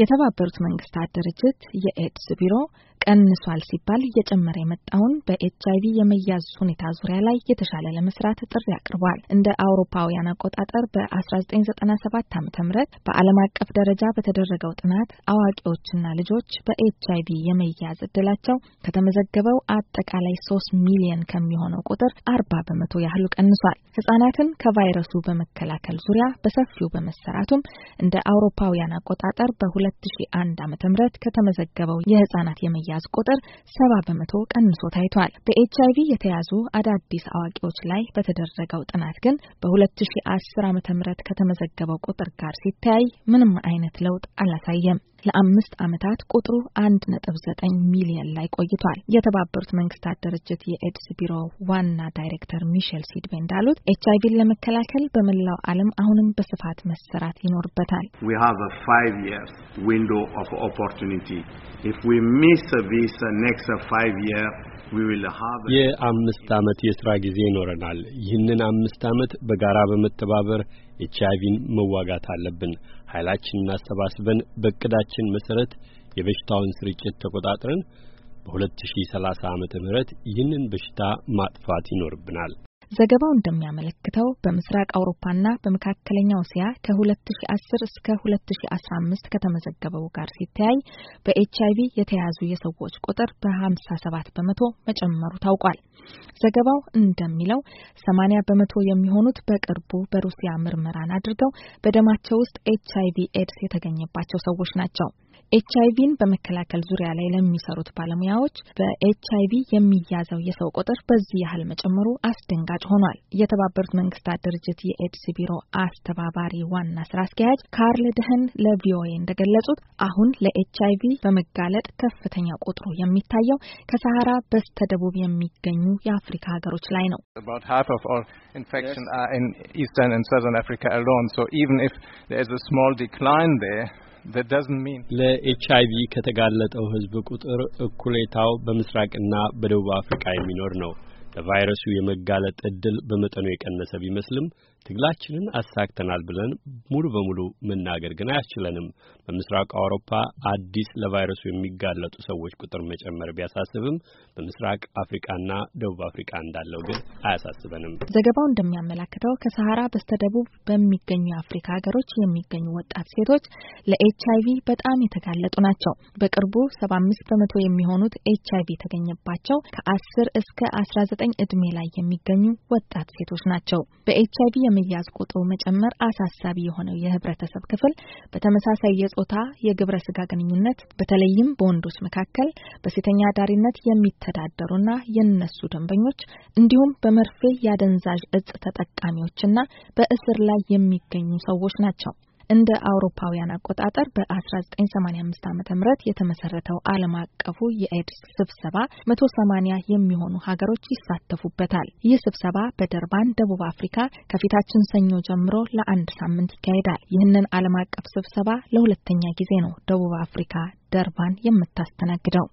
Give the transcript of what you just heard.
የተባበሩት መንግስታት ድርጅት የኤድስ ቢሮ ቀንሷል ሲባል እየጨመረ የመጣውን በኤች አይቪ የመያዝ ሁኔታ ዙሪያ ላይ የተሻለ ለመስራት ጥሪ አቅርቧል። እንደ አውሮፓውያን አቆጣጠር በ1997 ዓ ም በዓለም አቀፍ ደረጃ በተደረገው ጥናት አዋቂዎችና ልጆች በኤች አይቪ የመያዝ እድላቸው ከተመዘገበው አጠቃላይ ሶስት ሚሊየን ከሚሆነው ቁጥር አርባ በመቶ ያህሉ ቀንሷል። ህጻናትን ከቫይረሱ በመከላከል ዙሪያ በሰፊው በመሰራቱም እንደ አውሮፓውያን አቆጣጠር በ2001 ዓ ም ከተመዘገበው የህጻናት የመያ የመያዝ ቁጥር ሰባ በመቶ ቀንሶ ታይቷል። በኤች አይቪ የተያዙ አዳዲስ አዋቂዎች ላይ በተደረገው ጥናት ግን በ2010 ዓ ም ከተመዘገበው ቁጥር ጋር ሲታይ ምንም አይነት ለውጥ አላሳየም። ለአምስት ዓመታት ቁጥሩ አንድ ነጥብ ዘጠኝ ሚሊየን ላይ ቆይቷል። የተባበሩት መንግስታት ድርጅት የኤድስ ቢሮ ዋና ዳይሬክተር ሚሼል ሲድቤ እንዳሉት ኤች ቪን ለመከላከል በመላው ዓለም አሁንም በስፋት መሰራት ይኖርበታል። ዊንዶው ኦፍ ኦፖርቹኒቲ ኢፍ ዊ ሚስ ዚስ ኔክስት ፋይቭ ይር የአምስት ዓመት የሥራ ጊዜ ይኖረናል። ይህንን አምስት ዓመት በጋራ በመተባበር ኤች አይቪን መዋጋት አለብን። ኃይላችንን አሰባስበን በእቅዳችን መሠረት የበሽታውን ስርጭት ተቆጣጥረን በ2030 ዓመተ ምህረት ይህንን በሽታ ማጥፋት ይኖርብናል። ዘገባው እንደሚያመለክተው በምስራቅ አውሮፓና በመካከለኛው እስያ ከ2010 እስከ 2015 ከተመዘገበው ጋር ሲተያይ በኤች አይቪ የተያዙ የሰዎች ቁጥር በ57 በመቶ መጨመሩ ታውቋል። ዘገባው እንደሚለው 80 በመቶ የሚሆኑት በቅርቡ በሩሲያ ምርመራን አድርገው በደማቸው ውስጥ ኤች አይቪ ኤድስ የተገኘባቸው ሰዎች ናቸው። ኤች አይ ቪን በመከላከል ዙሪያ ላይ ለሚሰሩት ባለሙያዎች በኤች አይ ቪ የሚያዘው የሰው ቁጥር በዚህ ያህል መጨመሩ አስደንጋጭ ሆኗል። የተባበሩት መንግስታት ድርጅት የኤድስ ቢሮ አስተባባሪ ዋና ስራ አስኪያጅ ካርል ደህን ለቪኦኤ እንደገለጹት አሁን ለኤች አይ ቪ በመጋለጥ ከፍተኛ ቁጥሩ የሚታየው ከሰሃራ በስተደቡብ የሚገኙ የአፍሪካ ሀገሮች ላይ ነው። ኢንፌክሽን ኢስተርን ኤንድ ሰዘርን አፍሪካ አሎን ሶ ኢቨን ኢፍ ኢዝ አ ስሞል ዲክላይን ዜር ለኤች አይቪ ከተጋለጠው ህዝብ ቁጥር እኩሌታው በምስራቅና በደቡብ አፍሪካ የሚኖር ነው። ለቫይረሱ የመጋለጥ እድል በመጠኑ የቀነሰ ቢመስልም ትግላችንን አሳክተናል ብለን ሙሉ በሙሉ መናገር ግን አያስችለንም። በምስራቅ አውሮፓ አዲስ ለቫይረሱ የሚጋለጡ ሰዎች ቁጥር መጨመር ቢያሳስብም በምስራቅ አፍሪካና ደቡብ አፍሪካ እንዳለው ግን አያሳስበንም። ዘገባው እንደሚያመላክተው ከሰሃራ በስተደቡብ በሚገኙ የአፍሪካ ሀገሮች የሚገኙ ወጣት ሴቶች ለኤች አይቪ በጣም የተጋለጡ ናቸው። በቅርቡ ሰባ አምስት በመቶ የሚሆኑት ኤች አይቪ የተገኘባቸው ከአስር እስከ አስራ እድሜ ላይ የሚገኙ ወጣት ሴቶች ናቸው። በኤች አይቪ የመያዝ ቁጥሩ መጨመር አሳሳቢ የሆነው የህብረተሰብ ክፍል በተመሳሳይ የጾታ የግብረ ስጋ ግንኙነት በተለይም በወንዶች መካከል በሴተኛ አዳሪነት የሚተዳደሩና የነሱ ደንበኞች እንዲሁም በመርፌ ያደንዛዥ እጽ ተጠቃሚዎችና በእስር ላይ የሚገኙ ሰዎች ናቸው። እንደ አውሮፓውያን አቆጣጠር በ1985 ዓ ም የተመሰረተው ዓለም አቀፉ የኤድስ ስብሰባ 180 የሚሆኑ ሀገሮች ይሳተፉበታል። ይህ ስብሰባ በደርባን ደቡብ አፍሪካ ከፊታችን ሰኞ ጀምሮ ለአንድ ሳምንት ይካሄዳል። ይህንን ዓለም አቀፍ ስብሰባ ለሁለተኛ ጊዜ ነው ደቡብ አፍሪካ ደርባን የምታስተናግደው።